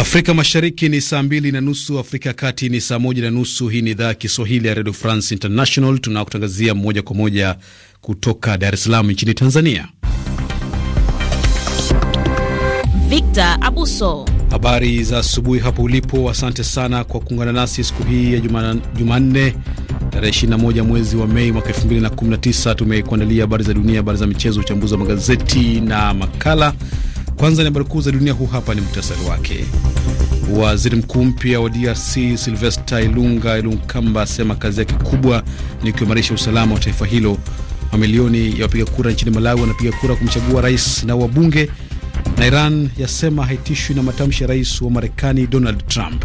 Afrika Mashariki ni saa mbili na nusu, Afrika ya Kati ni saa moja na nusu. Hii ni idhaa ya Kiswahili ya Radio France International, tunakutangazia moja kwa moja kutoka Dar es Salaam nchini Tanzania. Victor Abuso, habari za asubuhi hapo ulipo. Asante sana kwa kuungana nasi siku hii ya Jumanne tarehe 21 mwezi wa Mei mwaka 2019. Tumekuandalia habari za dunia, habari za michezo, uchambuzi wa magazeti na makala kwanza ni habari kuu za dunia, huu hapa ni muhtasari wake. Waziri mkuu mpya wa DRC Silvesta Ilunga Ilunkamba asema kazi yake kubwa ni kuimarisha usalama wa taifa hilo. Mamilioni ya wapiga kura nchini Malawi wanapiga kura kumchagua rais na wabunge. Na Iran yasema haitishwi na matamshi ya rais wa Marekani Donald Trump.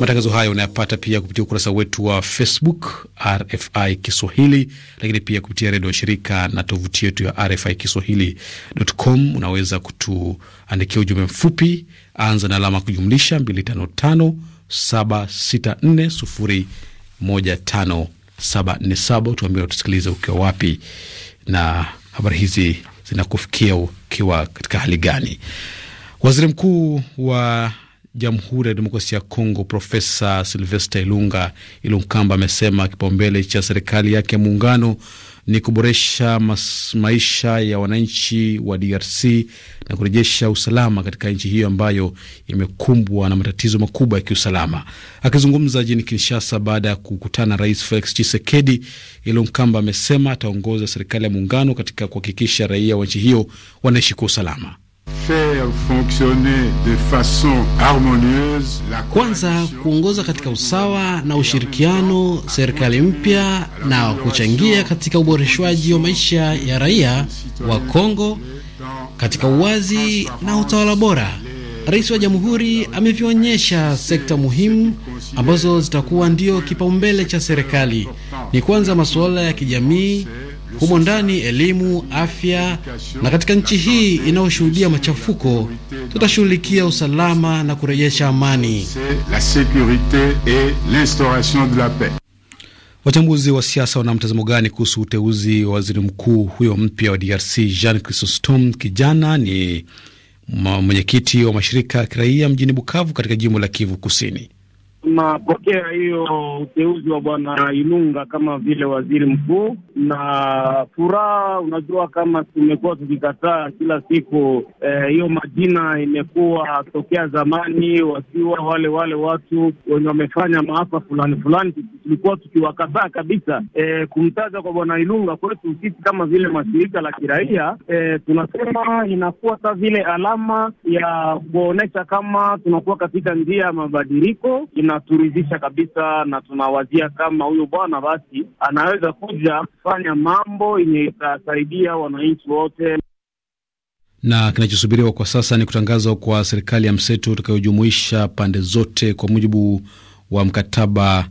Matangazo hayo unayapata pia kupitia ukurasa wetu wa Facebook RFI Kiswahili, lakini pia kupitia redio shirika na tovuti yetu ya RFI Kiswahili.com. Unaweza kutuandikia ujumbe mfupi, anza na alama kujumlisha 255 764 Tuambie ukiwa wapi na habari hizi zinakufikia ukiwa katika hali gani. Waziri mkuu wa Jamhuri ya Demokrasia ya Kongo, Profesa Silvester Ilunga Ilunkamba amesema kipaumbele cha serikali yake ya muungano ni kuboresha maisha ya wananchi wa DRC na kurejesha usalama katika nchi hiyo ambayo imekumbwa na matatizo makubwa ya kiusalama. Akizungumza jini Kinshasa baada ya kukutana na Rais Felix Tshisekedi, Ilunkamba amesema ataongoza serikali ya muungano katika kuhakikisha raia wa nchi hiyo wanaishi kwa usalama faire fonctionner de façon harmonieuse la kwanza kuongoza katika usawa na ushirikiano serikali mpya na kuchangia katika uboreshwaji wa maisha ya raia wa Kongo katika uwazi na utawala bora. Rais wa Jamhuri amevionyesha sekta muhimu ambazo zitakuwa ndio kipaumbele cha serikali. Ni kwanza masuala ya kijamii humo ndani elimu, afya. Na katika nchi hii inayoshuhudia machafuko, tutashughulikia usalama na kurejesha amani. Wachambuzi wa siasa wana mtazamo gani kuhusu uteuzi wa waziri mkuu huyo mpya wa DRC? Jean Chrysostom Kijana ni mwenyekiti wa mashirika ya kiraia mjini Bukavu katika jimbo la Kivu Kusini tunapokea hiyo uteuzi wa bwana Ilunga kama vile waziri mkuu na furaha. Unajua, kama tumekuwa tukikataa kila siku eh, hiyo eh, majina imekuwa tokea zamani, wakiwa wale wale watu wenye wamefanya maafa fulani fulani, tulikuwa tukiwakataa kabisa. Eh, kumtaja kwa bwana Ilunga kwetu sisi kama vile mashirika la kiraia eh, tunasema inakuwa sa vile alama ya kuonyesha kama tunakuwa katika njia ya mabadiliko inaturidhisha kabisa, na tunawazia kama huyo bwana basi anaweza kuja kufanya mambo yenye itasaidia wananchi wote. Na kinachosubiriwa kwa sasa ni kutangazwa kwa serikali ya mseto utakayojumuisha pande zote kwa mujibu wa mkataba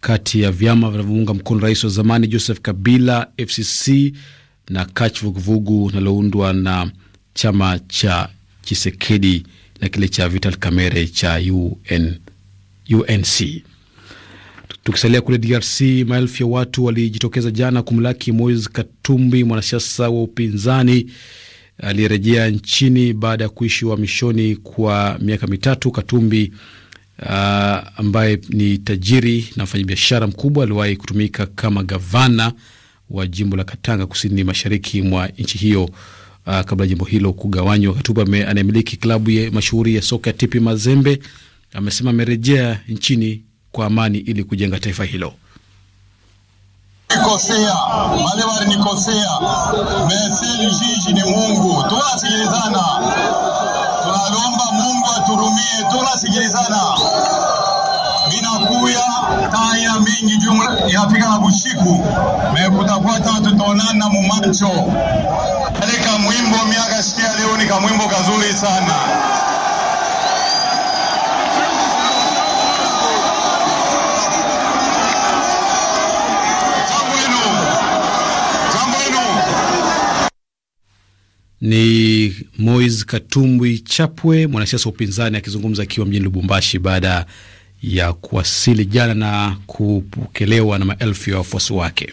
kati ya vyama vinavyounga mkono rais wa zamani Joseph Kabila, FCC na Kach vuguvugu linaloundwa na chama cha Chisekedi na kile cha Vital camere cha UN UNC. Tukisalia kule DRC, maelfu ya watu walijitokeza jana kumlaki Moise Katumbi, mwanasiasa wa upinzani aliyerejea nchini baada ya kuishi uhamishoni kwa miaka mitatu. Katumbi uh, ambaye ni tajiri na mfanyabiashara mkubwa aliwahi kutumika kama gavana wa jimbo la Katanga kusini mashariki mwa nchi hiyo uh, kabla jimbo hilo kugawanywa. Katumbi anayemiliki klabu mashuhuri ya soka ya TP Mazembe amesema amerejea nchini kwa amani ili kujenga taifa hilo. Nikosea wale walinikosea, meseli jiji ni Mungu, tunasikilizana, tunalomba Mungu aturumie, tunasikilizana. Binakuya taya mingi jumla inafika na bushiku mekutakwata tutaonana mumacho. Ile kamwimbo miaka sikia leo ni kamwimbo kazuri sana. Ni mois Katumbi Chapwe, mwanasiasa wa upinzani akizungumza akiwa mjini Lubumbashi baada ya kuwasili jana na kupokelewa na maelfu ya wafuasi wake.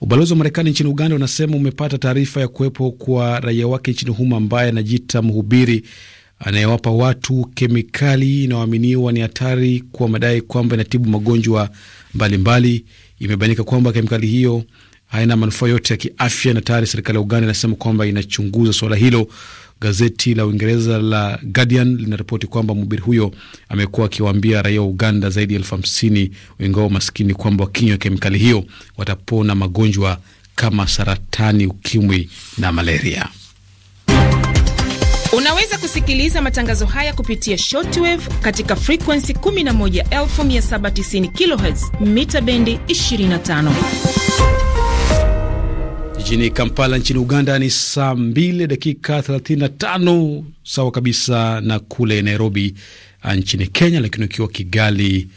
Ubalozi wa Marekani nchini Uganda unasema umepata taarifa ya kuwepo kwa raia wake nchini humo ambaye anajiita mhubiri anayewapa watu kemikali inayoaminiwa ni hatari kwa madai kwamba inatibu magonjwa mbalimbali. Imebainika kwamba kemikali hiyo haina manufaa yote ya kiafya, na tayari serikali ya Uganda inasema kwamba inachunguza suala hilo. Gazeti la Uingereza la Guardian linaripoti kwamba mhubiri huyo amekuwa akiwaambia raia wa Uganda zaidi ya elfu hamsini wengao maskini kwamba wakinywa kemikali hiyo watapona magonjwa kama saratani, ukimwi na malaria. Unaweza kusikiliza matangazo haya kupitia shortwave katika frekuensi 11790 kHz mita bendi 25. Jijini Kampala nchini Uganda ni saa 2 dakika 35, sawa kabisa na kule Nairobi ah, nchini Kenya, lakini ukiwa Kigali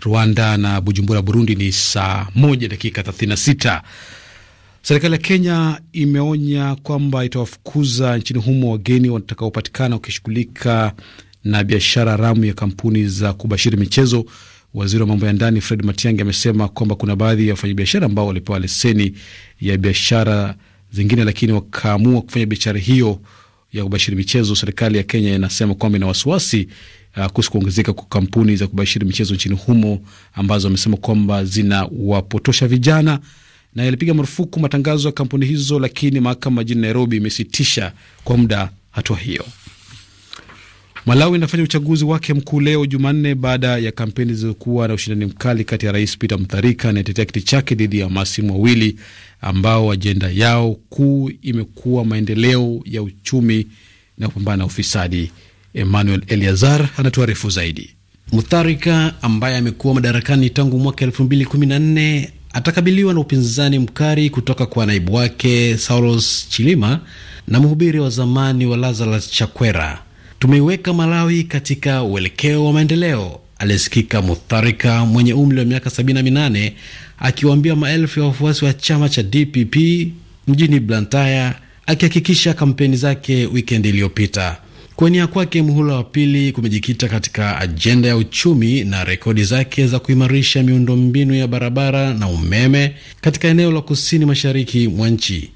Rwanda na Bujumbura Burundi ni saa 1 dakika 36. Serikali ya Kenya imeonya kwamba itawafukuza nchini humo wageni watakaopatikana wakishughulika na biashara haramu ya kampuni za kubashiri michezo Waziri wa mambo ya ndani Fred Matiang'i amesema kwamba kuna baadhi ya wafanyabiashara ambao walipewa leseni ya biashara zingine, lakini wakaamua kufanya biashara hiyo ya kubashiri michezo. Serikali ya Kenya inasema kwamba ina wasiwasi uh, kuhusu kuongezeka kwa kampuni za kubashiri michezo nchini humo ambazo wamesema kwamba zinawapotosha vijana na yalipiga marufuku matangazo ya kampuni hizo, lakini mahakama jijini Nairobi imesitisha kwa muda hatua hiyo. Malawi inafanya uchaguzi wake mkuu leo Jumanne baada ya kampeni zilizokuwa na ushindani mkali kati ya Rais Peter Mutharika anayetetea kiti chake dhidi ya Masimu wawili ambao ajenda yao kuu imekuwa maendeleo ya uchumi na kupambana na ufisadi. Emmanuel Eliazar anatuarifu zaidi. Mutharika ambaye amekuwa madarakani tangu mwaka nne atakabiliwa na upinzani mkali kutoka kwa naibu wake Saulos Chilima na mhubiri wa zamani wa Lazarus Chakwera. Tumeiweka Malawi katika uelekeo wa maendeleo, aliyesikika Mutharika mwenye umri wa miaka 78 akiwaambia maelfu ya wafuasi wa chama cha DPP mjini Blantyre, akihakikisha kampeni zake wikendi iliyopita. Kuwania kwake muhula wa pili kumejikita katika ajenda ya uchumi na rekodi zake za kuimarisha miundombinu ya barabara na umeme katika eneo la kusini mashariki mwa nchi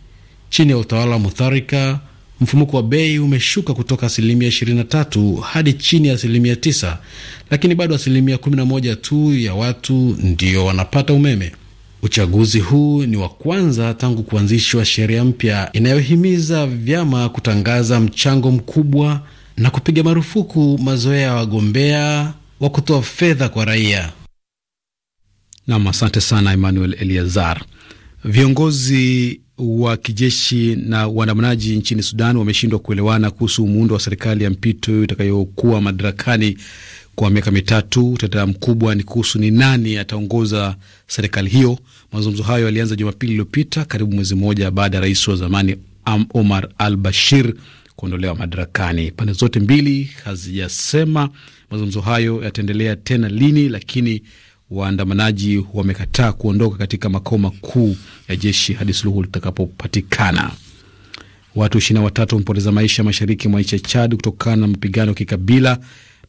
chini ya utawala wa Mutharika. Mfumuko wa bei umeshuka kutoka asilimia 23 hadi chini ya asilimia 9, lakini bado asilimia 11 tu ya watu ndio wanapata umeme. Uchaguzi huu ni wa kwanza tangu kuanzishwa sheria mpya inayohimiza vyama kutangaza mchango mkubwa na kupiga marufuku mazoea ya wagombea wa kutoa fedha kwa raia. Nam, asante sana Emmanuel Eliazar. Viongozi wa kijeshi na waandamanaji nchini Sudan wameshindwa kuelewana kuhusu muundo wa serikali ya mpito itakayokuwa madarakani kwa miaka mitatu. Utata mkubwa ni kuhusu ni nani ataongoza serikali hiyo. Mazungumzo hayo yalianza Jumapili iliyopita, karibu mwezi mmoja baada ya rais wa zamani Omar al Bashir kuondolewa madarakani. Pande zote mbili hazijasema mazungumzo hayo yataendelea tena lini, lakini waandamanaji wamekataa kuondoka katika makao makuu ya jeshi hadi suluhu litakapopatikana. Watu ishirini na watatu wamepoteza maisha mashariki mwa nchi ya Chad kutokana na mapigano ya kikabila.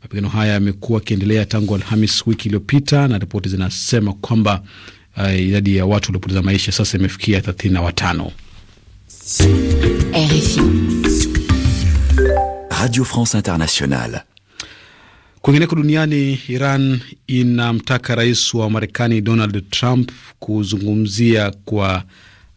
Mapigano haya yamekuwa yakiendelea tangu Alhamis wiki iliyopita, na ripoti zinasema kwamba uh, idadi ya watu waliopoteza maisha sasa imefikia thelathini na watano. Radio France Internationale Kwingineko duniani, Iran inamtaka rais wa Marekani Donald Trump kuzungumzia kwa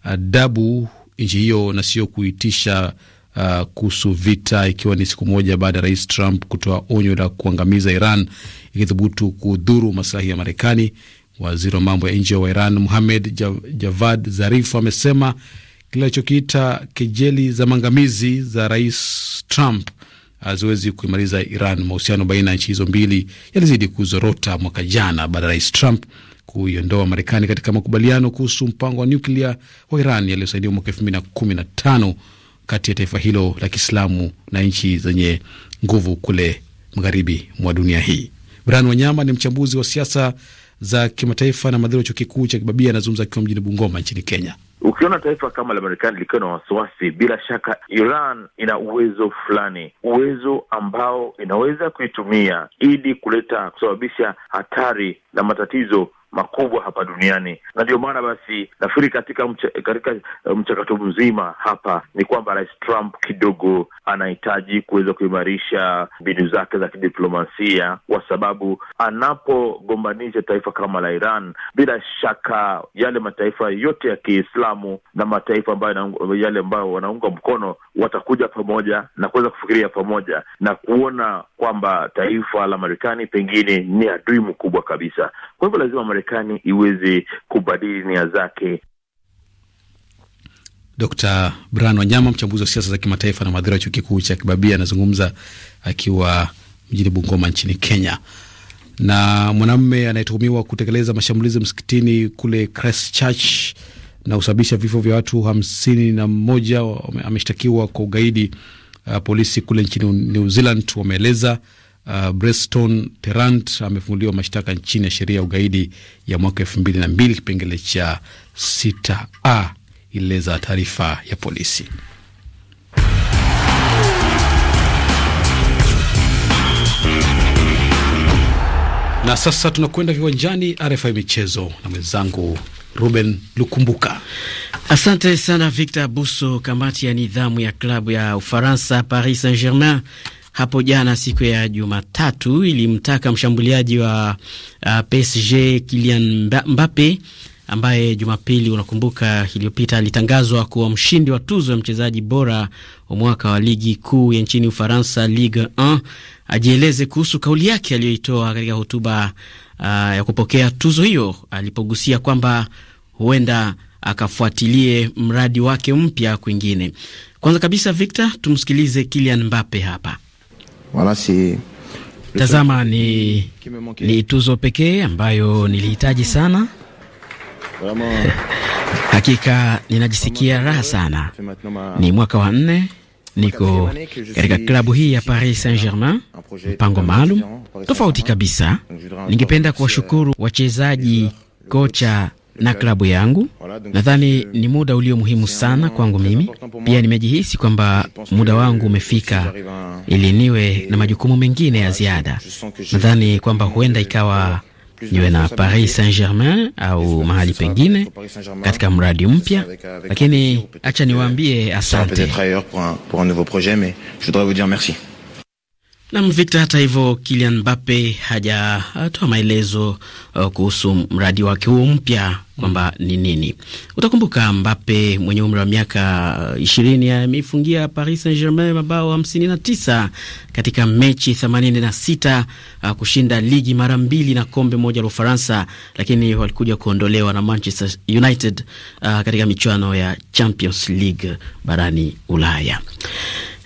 adabu nchi hiyo na sio kuitisha uh, kuhusu vita, ikiwa ni siku moja baada ya rais Trump kutoa onyo la kuangamiza Iran ikithubutu kudhuru masilahi ya Marekani. Waziri wa mambo ya nje wa Iran Muhamed Javad Zarif amesema kile alichokiita kejeli za maangamizi za rais Trump haziwezi kuimaliza Iran. Mahusiano baina ya nchi hizo mbili yalizidi kuzorota mwaka jana baada ya Rais Trump kuiondoa Marekani katika makubaliano kuhusu mpango wa nyuklia wa Iran yaliyosainiwa mwaka elfu mbili na kumi na tano kati ya taifa hilo la Kiislamu na nchi zenye nguvu kule magharibi mwa dunia hii. Brian Wanyama ni mchambuzi wa siasa za kimataifa na madhiri wa chuo kikuu cha Kibabia, anazungumza akiwa mjini Bungoma nchini Kenya. Ukiona taifa kama la Marekani likiwa na wasiwasi, bila shaka Iran ina uwezo fulani, uwezo ambao inaweza kuitumia ili kuleta kusababisha hatari na matatizo makubwa hapa duniani, na ndio maana basi nafikiri katika mcha, katika eh, mchakato mzima hapa ni kwamba Rais Trump kidogo anahitaji kuweza kuimarisha mbinu zake za kidiplomasia, kwa sababu anapogombanisha taifa kama la Iran, bila shaka yale mataifa yote ya Kiislamu na mataifa ambayo yale ambayo wanaunga mkono watakuja pamoja na kuweza kufikiria pamoja na kuona kwamba taifa la Marekani pengine ni adui mkubwa kabisa. Kwa hivyo lazima Marekani Marekani iweze kubadili nia zake. Dr. Brian Wanyama, mchambuzi wa siasa za kimataifa na mhadhiri wa chuo kikuu cha Kibabii, anazungumza akiwa mjini Bungoma nchini Kenya. Na mwanamume anayetuhumiwa kutekeleza mashambulizi msikitini kule Christchurch na kusababisha vifo vya watu hamsini na mmoja ameshtakiwa kwa ugaidi. Uh, polisi kule nchini New Zealand wameeleza uh, Breston Terant amefunguliwa mashtaka nchini ya sheria ya ugaidi ya mwaka elfu mbili na mbili kipengele cha sita a ilieleza taarifa ya polisi. Na sasa tunakwenda viwanjani, RFI michezo na mwenzangu Ruben Lukumbuka. Asante sana Victor Buso. Kamati ya nidhamu ya klabu ya Ufaransa Paris Saint Germain hapo jana siku ya Jumatatu ilimtaka mshambuliaji wa uh, PSG Kylian Mbappe ambaye Jumapili, unakumbuka, iliyopita alitangazwa kuwa mshindi wa tuzo ya mchezaji bora wa mwaka wa ligi kuu ya nchini Ufaransa, Ligue 1 ajieleze kuhusu kauli yake aliyoitoa katika hotuba uh, ya kupokea tuzo hiyo alipogusia kwamba huenda akafuatilie mradi wake mpya kwingine. Kwanza kabisa, Victor, tumsikilize Kylian Mbappe hapa. Voilà, c'est Tazama ni, ni tuzo pekee ambayo nilihitaji sana hakika ninajisikia raha sana. Ni mwaka wa nne niko katika klabu hii ya Paris Saint-Germain, mpango maalum tofauti kabisa. Ningependa kuwashukuru euh, wachezaji, kocha na klabu yangu. Nadhani ni muda ulio muhimu sana kwangu mimi. Pia nimejihisi kwamba muda wangu umefika ili niwe na majukumu mengine ya ziada. Nadhani kwamba huenda ikawa niwe na Paris Saint-Germain au mahali pengine katika mradi mpya, lakini acha niwaambie asante. Nam Victor. Hata hivyo, Kylian Mbappe hajatoa maelezo uh, kuhusu mradi wake huo mpya kwamba ni nini. Utakumbuka Mbappe mwenye umri wa miaka ishirini ameifungia Paris Saint Germain mabao hamsini na tisa katika mechi themanini na sita uh, kushinda ligi mara mbili na kombe moja la Ufaransa, lakini walikuja kuondolewa na Manchester United uh, katika michuano ya Champions League barani Ulaya.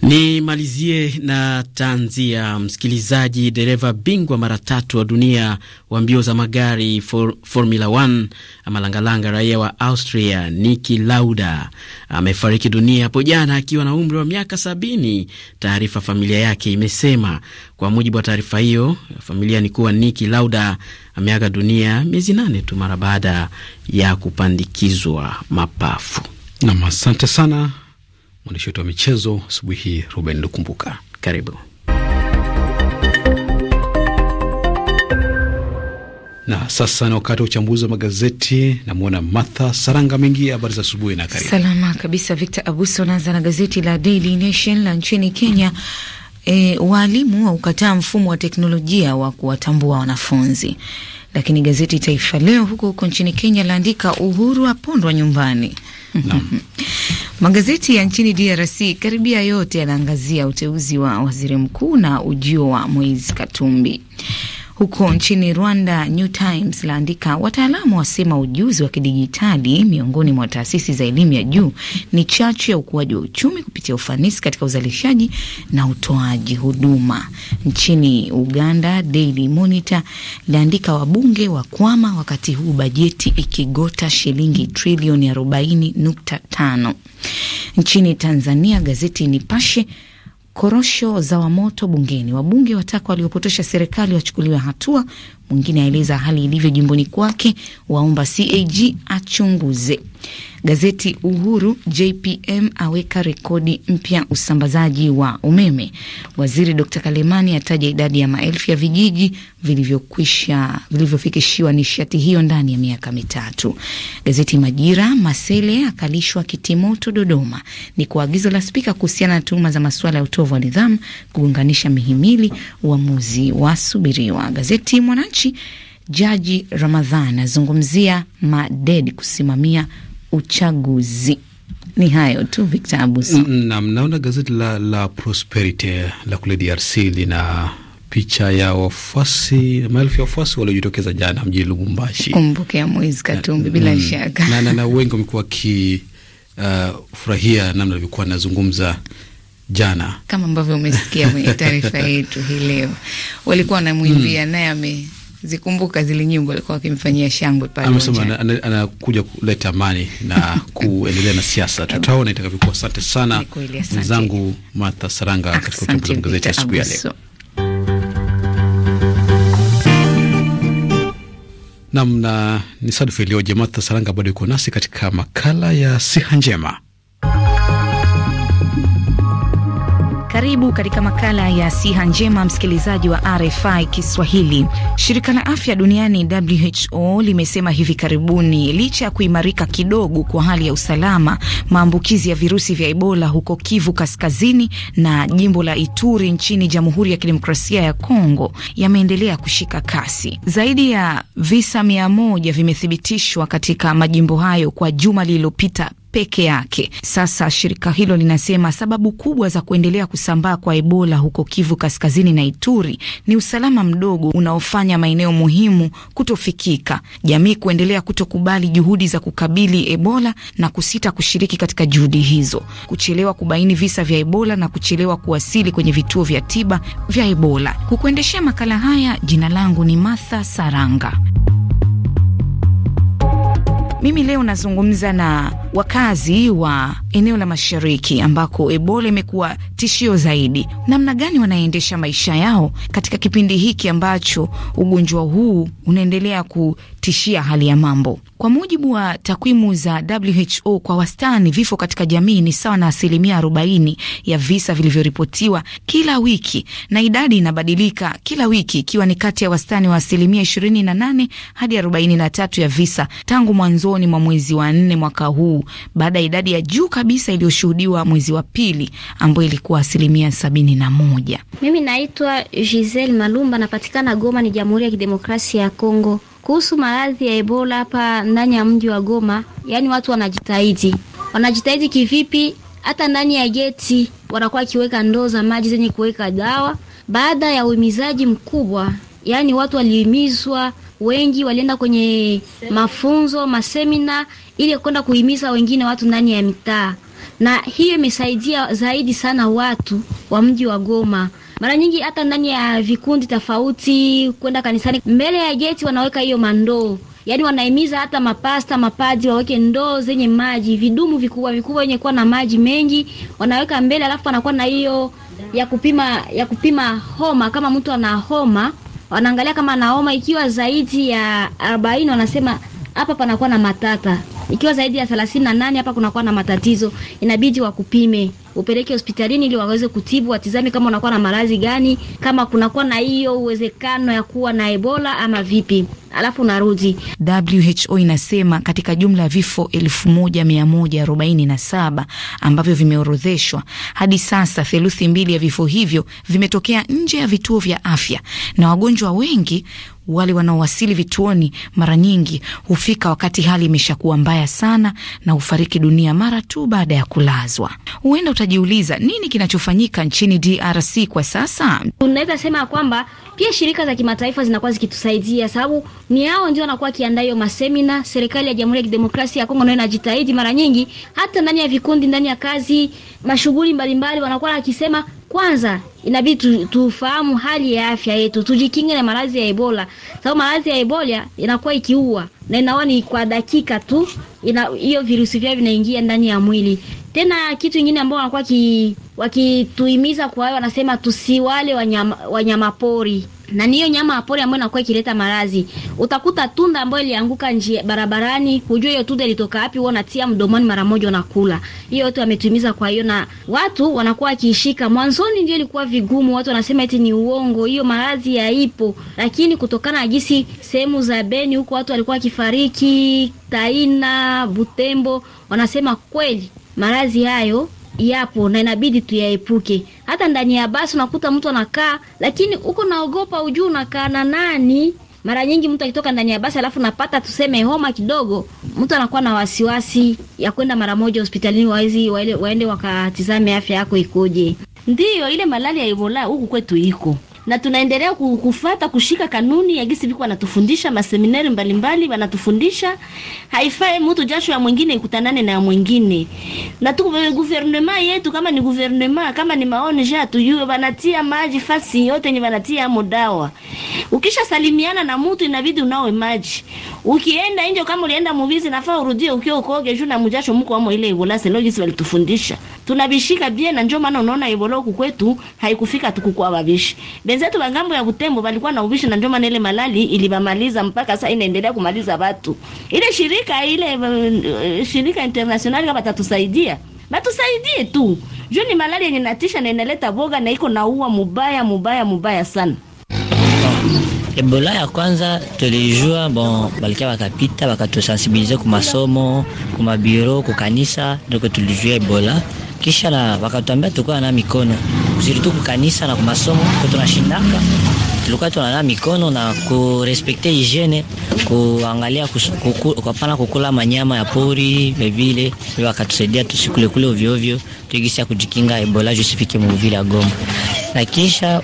Nimalizie na tanzia, msikilizaji. Dereva bingwa mara tatu wa dunia wa mbio za magari for, Formula 1 ama langalanga, raia wa Austria Niki Lauda amefariki dunia hapo jana akiwa na umri wa miaka sabini, taarifa familia yake imesema. Kwa mujibu wa taarifa hiyo, familia ni kuwa Niki Lauda ameaga dunia miezi nane tu mara baada ya kupandikizwa mapafu. Nam, asante sana mwandishi wetu wa michezo asubuhi hii Ruben Lukumbuka, karibu. Na sasa ni wakati wa uchambuzi wa magazeti. Namwona Martha Saranga. Mengi habari za asubuhi na karibu. Salama kabisa, Victor Abuso. Naanza na gazeti la Daily Nation la nchini Kenya. E, waalimu waukataa mfumo wa teknolojia wa kuwatambua wanafunzi. Lakini gazeti Taifa Leo huko huko nchini Kenya laandika Uhuru apondwa nyumbani. Magazeti ya nchini DRC karibia yote yanaangazia uteuzi wa waziri mkuu na ujio wa Moise Katumbi. Huko nchini Rwanda, New Times laandika wataalamu wasema ujuzi wa kidijitali miongoni mwa taasisi za elimu ya juu ni chachu ya ukuaji wa uchumi kupitia ufanisi katika uzalishaji na utoaji huduma. Nchini Uganda, Daily Monitor laandika wabunge wakwama wakati huu bajeti ikigota shilingi trilioni 40.5. Nchini Tanzania, gazeti Nipashe Korosho za wamoto bungeni, wabunge wataka waliopotosha serikali wachukuliwe hatua, Mwingine aeleza hali ilivyo jimboni kwake, waomba CAG achunguze. Gazeti Uhuru, JPM aweka rekodi mpya usambazaji wa umeme. Waziri Dr. Kalemani ataja idadi ya maelfu ya vijiji vilivyokwisha vilivyofikishiwa nishati hiyo ndani ya miaka mitatu. Gazeti Majira, Masele akalishwa kitimoto Dodoma, ni kwa agizo la spika kuhusiana na tuhuma za masuala ya utovu wa nidhamu kuunganisha mihimili, uamuzi wasubiriwa. Gazeti Mwananchi nchi, Jaji Ramadhan azungumzia madedi kusimamia uchaguzi. Ni hayo tu, Victor Abuso. Mm, mm, naam, naona gazeti la, la Prosperity eh, la kule DRC lina picha ya wafuasi maelfu ya wafuasi waliojitokeza jana mjini Lubumbashi kumpokea Moise Katumbi mm, bila mm, shaka na, na, na wengi wamekuwa wakifurahia uh, namna alivyokuwa anazungumza jana, kama ambavyo umesikia kwenye taarifa yetu hii leo, walikuwa wanamwimbia mm, naye ame zikumbuka zile nyimbo alikuwa akimfanyia shangwe pale. Amesema anakuja kuleta amani na kuendelea na siasa, tutaona itakavyokuwa. Asante sana mwenzangu Martha Saranga katika uchambuzi wa gazeti ya siku ya leo. Namna ni sadufu iliyoje. Martha Saranga bado yuko nasi katika makala ya siha njema. Karibu katika makala ya siha njema, msikilizaji wa RFI Kiswahili. Shirika la afya duniani WHO limesema hivi karibuni, licha ya kuimarika kidogo kwa hali ya usalama, maambukizi ya virusi vya Ebola huko Kivu Kaskazini na jimbo la Ituri nchini Jamhuri ya Kidemokrasia ya Kongo yameendelea kushika kasi. Zaidi ya visa mia moja vimethibitishwa katika majimbo hayo kwa juma lililopita peke yake. Sasa shirika hilo linasema sababu kubwa za kuendelea kusambaa kwa Ebola huko Kivu Kaskazini na Ituri ni usalama mdogo unaofanya maeneo muhimu kutofikika, jamii kuendelea kutokubali juhudi za kukabili Ebola na kusita kushiriki katika juhudi hizo, kuchelewa kubaini visa vya Ebola na kuchelewa kuwasili kwenye vituo vya tiba vya Ebola. Kukuendeshea makala haya, jina langu ni Martha Saranga. Mimi leo nazungumza na wakazi wa eneo la mashariki ambako Ebola imekuwa tishio zaidi, namna gani wanaendesha maisha yao katika kipindi hiki ambacho ugonjwa huu unaendelea kutishia hali ya mambo? Kwa mujibu wa takwimu za WHO, kwa wastani vifo katika jamii ni sawa na asilimia 40 ya visa vilivyoripotiwa kila wiki, na idadi inabadilika kila wiki, ikiwa ni kati ya wastani wa asilimia 28 hadi 43 ya visa tangu mwanzoni mwa mwezi wa nne mwaka huu baada ya idadi ya juu kabisa iliyoshuhudiwa mwezi wa pili ambayo ilikuwa asilimia sabini na moja. Mimi naitwa Giselle Malumba, napatikana Goma, ni Jamhuri ya Kidemokrasia ya Kongo. Kuhusu maradhi ya Ebola hapa ndani ya mji wa Goma, yaani watu wanajitahidi, wanajitahidi kivipi? Hata ndani ya geti wanakuwa akiweka ndoo za maji zenye kuweka dawa, baada ya uhimizaji mkubwa, yaani watu walihimizwa wengi walienda kwenye mafunzo masemina, ili kwenda kuhimiza wengine watu ndani ya mitaa, na hiyo imesaidia zaidi sana watu wa mji wa Goma. Mara nyingi hata ndani ya vikundi tofauti, kwenda kanisani, mbele ya geti wanaweka hiyo mandoo Yaani wanahimiza hata mapasta mapadi waweke ndoo zenye maji, vidumu vikubwa vikubwa yenye kuwa na maji mengi, wanaweka mbele, alafu wanakuwa na hiyo ya kupima ya kupima homa. Kama mtu ana homa, wanaangalia kama naoma, ikiwa zaidi ya 40 wanasema hapa panakuwa na matata, ikiwa zaidi ya 38 hapa kunakuwa na matatizo, inabidi wakupime upeleke hospitalini ili waweze kutibu, watizami kama unakuwa na maradhi gani, kama kunakuwa na hiyo uwezekano ya kuwa na Ebola ama vipi alafu narudi. WHO inasema katika jumla ya vifo 1147 ambavyo vimeorodheshwa hadi sasa, theluthi mbili ya vifo hivyo vimetokea nje ya vituo vya afya na wagonjwa wengi wale wanaowasili vituoni mara nyingi hufika wakati hali imeshakuwa mbaya sana na hufariki dunia mara tu baada ya kulazwa. Huenda utajiuliza nini kinachofanyika nchini DRC kwa sasa. Unaweza sema kwamba pia shirika za kimataifa zinakuwa zikitusaidia, sababu ni hao ndio wanakuwa kiandaa hiyo masemina. Serikali ya Jamhuri ya Kidemokrasia ya Kongo nayo inajitahidi mara nyingi, hata ndani ya vikundi, ndani ya kazi, mashughuli mbalimbali, wanakuwa wakisema kwanza inabidi tu, tufahamu hali ya afya yetu, tujikinge na maradhi ya Ebola, sababu maradhi ya Ebola inakuwa ikiua na inaua ni kwa dakika tu, hiyo virusi vyao vinaingia ndani ya mwili. Tena kitu kingine ambao wanakuwa wakituhimiza kwa wao, wanasema tusiwale wanyama, wanyama pori na niyo nyama ya pori ambayo inakuwa ikileta maradhi. Utakuta tunda ambayo ilianguka njia barabarani, hujua hiyo tunda ilitoka wapi, wao natia mdomoni mara moja wanakula. Hiyo yote wametimiza kwa hiyo na watu wanakuwa wakiishika. Mwanzoni ndio ilikuwa vigumu, watu wanasema eti ni uongo, hiyo maradhi haipo, lakini kutokana na jinsi sehemu za Beni huko watu walikuwa wakifariki Taina, Butembo, wanasema kweli maradhi hayo yapo na inabidi tuyaepuke. Hata ndani ya basi unakuta mtu anakaa, lakini uko naogopa, ujuu unakaa na nani? Mara nyingi mtu akitoka ndani ya basi alafu napata tuseme homa kidogo, mtu anakuwa na wasiwasi ya kwenda mara moja hospitalini, wawezi waende wakatizame afya yako ikoje. Ndiyo ile malaria ya Ebola huku kwetu iko na tunaendelea kufata kushika kanuni ya gisi viko wanatufundisha maseminari mbalimbali wanatufundisha. Haifai mtu jasho ya mwingine ikutanane na ya mwingine, na tu guvernema yetu, kama ni guvernema, kama ni maoni ja tujue wanatia maji fasi yote ni wanatia amo dawa. Ukisha salimiana na mtu inabidi unawe maji. Ukienda nje, kama ulienda muvizi, nafaa urudie ukiwa ukoge juu na mjasho mko amo ile ibolase logisi walitufundisha tunabishika bien, na njo maana unaona Ebola huku kwetu haikufika tu kwa babishi. Benzetu bangambo ya Butembo balikuwa na ubishi, na njo maana ile malali ilibamaliza mpaka sasa inaendelea kumaliza watu. Ile shirika ile eh, shirika internationali kama tatusaidia batusaidie tu juu ni malali yenye natisha na inaleta boga na iko naua mubaya mubaya mubaya sana. Ebola ya kwanza tulijua bon, balikia bakapita bakatusensibilize ku masomo ku mabiro ku tulijua Ebola kisha na wakatuambia tulikuwa na mikono kuzidi tu kukanisa na kumasomo tunashindaka tulikuwa tunana mikono na kurespekte hygiene, kuangalia kupana kukula manyama ya pori vilevile. Wakatusaidia tusikule kule ovyo ovyo, tuigisia kujikinga Ebola jusifike muvili ya Goma. Na kisha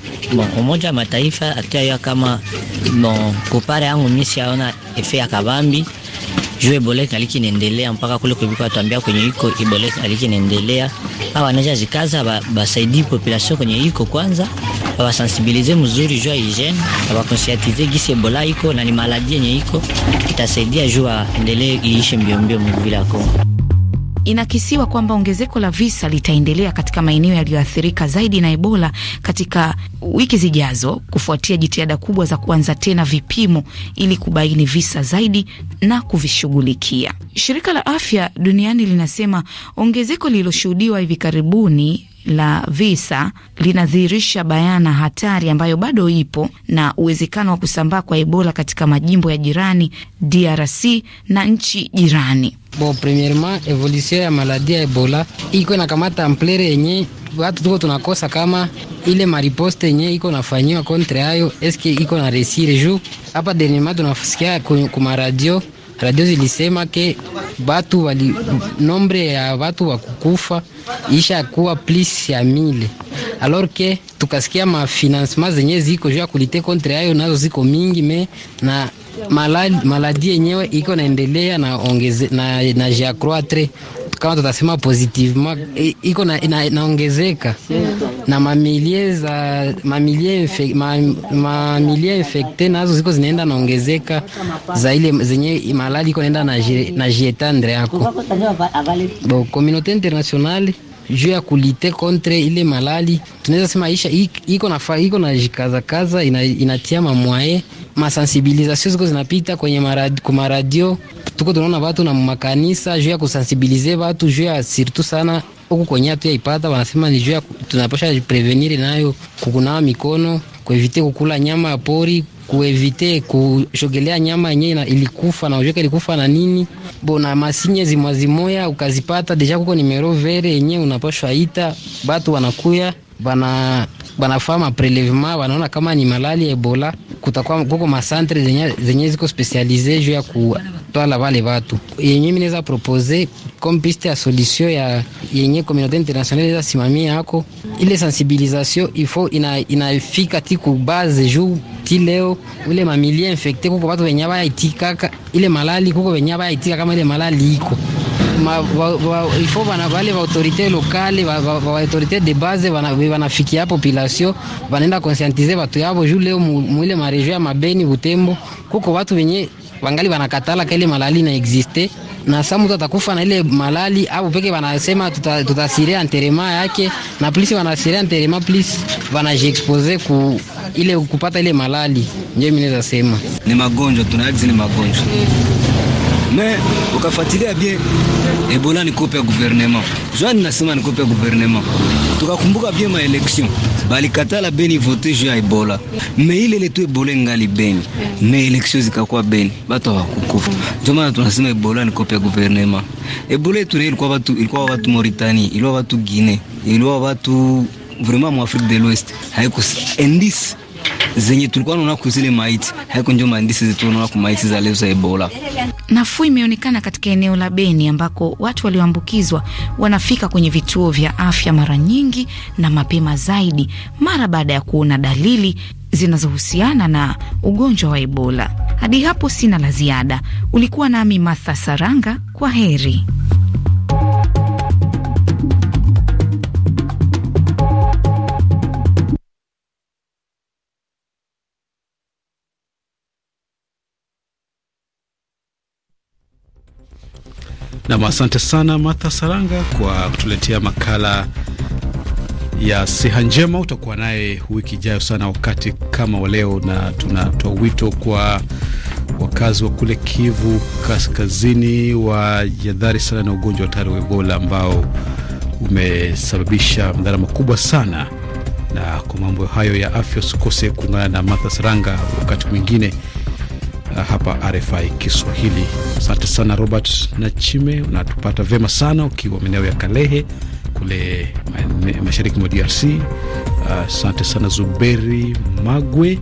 Umoja wa Mataifa ataya kama kupare yangu misiaona efe ya kabambi jue Eboleka aliki inaendelea mpaka kule kuliko atuambia kwenye iko Eboleka aliki inaendelea, au naja zikaza basaidi ba population kwenye iko kwanza, sensibilize mzuri jua ya hygiene, konsiatize gisi Ebola iko na ni maladi yenye iko itasaidia jua endelee iishe mbio mbio mvila Kongo. Inakisiwa kwamba ongezeko la visa litaendelea katika maeneo yaliyoathirika zaidi na Ebola katika wiki zijazo kufuatia jitihada kubwa za kuanza tena vipimo ili kubaini visa zaidi na kuvishughulikia. Shirika la Afya Duniani linasema ongezeko lililoshuhudiwa hivi karibuni la visa linadhihirisha bayana hatari ambayo bado ipo na uwezekano wa kusambaa kwa Ebola katika majimbo ya jirani DRC na nchi jirani. Bo, premierement evolution ya maladi ya Ebola iko inakamata amplere yenye watu tuko tunakosa kama ile mariposte yenye iko nafanyiwa kontre ayo, eske iko na resire ju hapa denima tunasikia kuma radio radio zilisema ke batu wali nombre ya watu wa kukufa isha kuwa plus ya mile alors ke tukasikia mafinancement zenye ziko juu ya kulite kontre ayo nazo ziko mingi me na maladi yenyewe iko naendelea na ongeze na na jacroitre kama tutasema positivement iko naongezeka na, na mamilie za mamilie mamilie infekte nazo ziko zinaenda naongezeka za ile zenye malali iko naenda na, na jietandre yako bo communauté internationale juu ya kulite contre ile malali tunaweza sema isha iko na iko na jikaza kaza inatia ina mamwaye masensibilizasio ziko zinapita kwenye marad, kumaradio tuko tunaona watu na makanisa juu ya kusensibilize watu juu ya sirtu sana huku kwenye hatu yaipata, wanasema ni juu ya tunapasha prevenir nayo kukunawa mikono, kuevite kukula nyama ya pori, kuevite kushogelea nyama yenyewe ilikufa na ujeka ilikufa na nini bona masinye zimwazimoya ukazipata deja kuko nimero vere yenyewe unapashwa ita batu wanakuya bana banafaa maprelevema wanaona kama ni malali ya Ebola, kutakuwa kuko masantre zenye, zenye ziko specialize juu ya kutwala vale vatu yenye mineza propose comme piste ya solution ya yenye communauté internationale za simamia yako ile sensibilisation ifo ina, inafika ti kubaze juu ti leo ule mamilie infecte kuko watu wenye itikaka ile malali kuko wenye baya kama ile malali iko ifo vale vaautorité lokale vaautorité de base vanafikia population vanaenda konsientize vatu yavo juu leo mwile maregio ya mabeni Butembo kuko vatu venye vangali vanakatala kaile malali na existe na saa mtu atakufa na ile malali au peke wanasema tutasiria anterema yake na plisi wanasiria anterema plisi wanajiexpose ku ile kupata ile malali. Ndio mimi naweza sema ni magonjwa tunayagizi, ni magonjwa me ukafuatilia bien Ebola ni kope ya gouvernement jwani, nasema ni kope ya gouvernement. Tukakumbuka bien ma balikatala Beni vote juu ya Ebola, me ile letu Ebola ngali Beni, me election zikakuwa Beni, batu hawakukufa. Ndio maana tunasema Ebola ni kope ya gouvernement. Ebola yetu ilikuwa watu, ilikuwa watu Mauritania, ilikuwa watu Guinea, ilikuwa watu vraiment mu Afrique de l'Ouest haiko endisi zenye tulikuwa tunaona kuzile maiti haiko ndio maandishi zetu tunaona kwa maiti za leo za Ebola. Nafuu imeonekana katika eneo la Beni ambako watu walioambukizwa wanafika kwenye vituo vya afya mara nyingi na mapema zaidi mara baada ya kuona dalili zinazohusiana na ugonjwa wa Ebola. Hadi hapo sina la ziada. Ulikuwa nami Martha Saranga, kwa heri. Nam, asante sana Martha Saranga kwa kutuletea makala ya siha njema. Utakuwa naye wiki ijayo sana wakati kama wa leo, na tunatoa wito kwa wakazi wa kule Kivu Kaskazini wa jadhari sana na ugonjwa hatari wa Ebola ambao umesababisha madhara makubwa sana. Na kwa mambo hayo ya afya, usikose kuungana na Martha Saranga wakati mwingine hapa RFI Kiswahili. Asante sana Robert Nachime, unatupata vyema sana ukiwa maeneo ya Kalehe kule mashariki mwa DRC. Asante uh, sana Zuberi Magwe,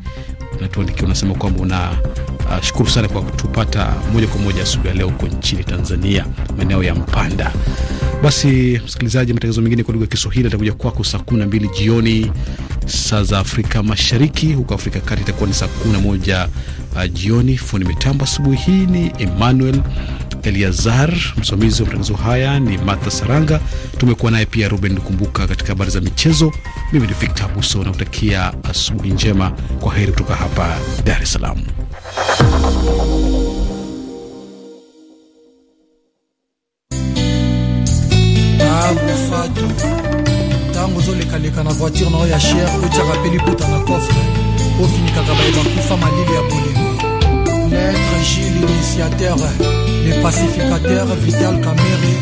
unatuandikia unasema kwamba una uh, shukuru sana kwa kutupata moja kwa moja asubuhi ya leo huko nchini Tanzania, maeneo ya Mpanda. Basi msikilizaji, matangazo mengine kwa lugha ya Kiswahili atakuja kwako saa 12 jioni saa za Afrika Mashariki, huko Afrika Kati itakuwa ni saa 11 uh, jioni. Fundi mitambo asubuhi hii ni Emmanuel Eliazar, msimamizi wa matangazo haya ni Martha Saranga. Tumekuwa naye pia Ruben Kumbuka katika habari za michezo. Mimi ni Victor Abuso, nakutakia asubuhi njema. Kwa heri kutoka hapa Dar es Salaam. ntango ozolekaleka na voiture na oyo ya chiere otiaka mpe liputa na kofre ofinikaka bayeba kufa malili ya bolingo maître gile initiateur le pacificateur vital cameri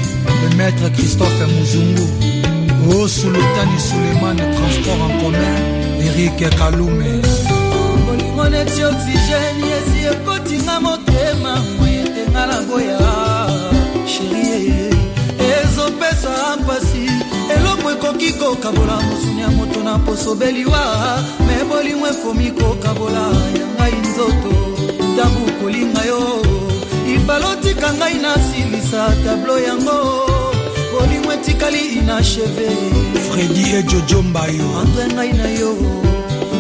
le maître christophe muzungu o oh, sultani suleiman transport en commun erik kalume bolingo neti oxygene yesi ekotinga motema moyetenga na boya sheri ezopesa mpasi ekoki kokabola mosuni ya moto na posobeliwa me bolingo ekomi kokabola ya ngai nzoto ntango kolinga yo ifalotika ngai nasilisa tablo yango bolingo etikali inacheve fredi ejojo mbayo andre ngai na yo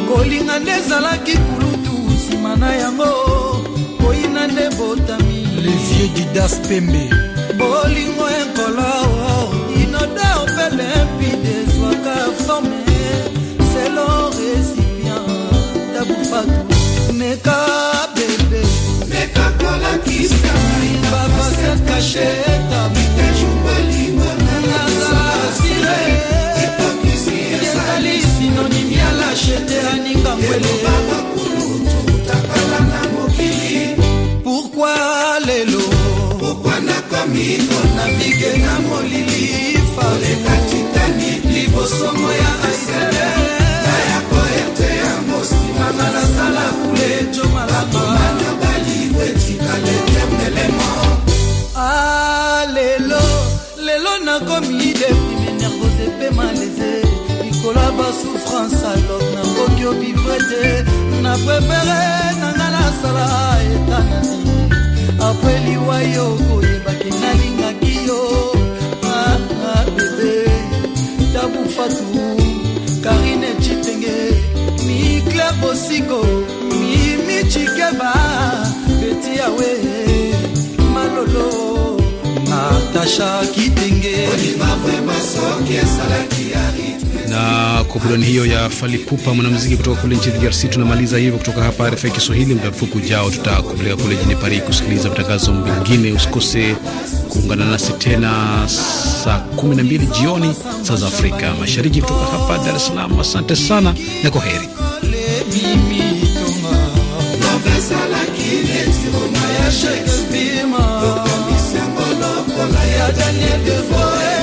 kolinga nde ezalaki kulutu nsima na yango koyina nde botami levier didas pembe bolingo ekolawa inoda opelem sommet, c'est le récipient d'Aboufadou. Meka bébé, Meka kola kiska, Iba facette cachée, Tabita jumbalimba, Nana sire, Hypocrisie et sali, synonyme ya lâcheté, Anika Mwele. Pourquoi lelo? Pourquoi nakomi? Navigue na moli. bosomo ya aisere na ya poete ya mosima na nasala kulejo malakoma nyobali wetika letemelemo lelo lelo nakomi depi minervose mpe malese likolo ya basouffrance alor nakoki obivre te na prefere nanga nasala etanani apre liwa yo koyebaki nalingaki yo ah, ah, bebe fatu karine chitenge mi siko mi mi chikeba beti awe malolo natasha kitenge na kwa burani hiyo ya Falipupa, mwanamuziki kutoka kule nchini DRC, tunamaliza hivyo kutoka hapa RFI Kiswahili. Muda mfupi ujao, tutakupeleka kule jini Paris kusikiliza matangazo mengine. Usikose kuungana nasi tena saa 12 jioni saa za Afrika Mashariki kutoka hapa Dar es Salaam. Asante sana na kwa heri.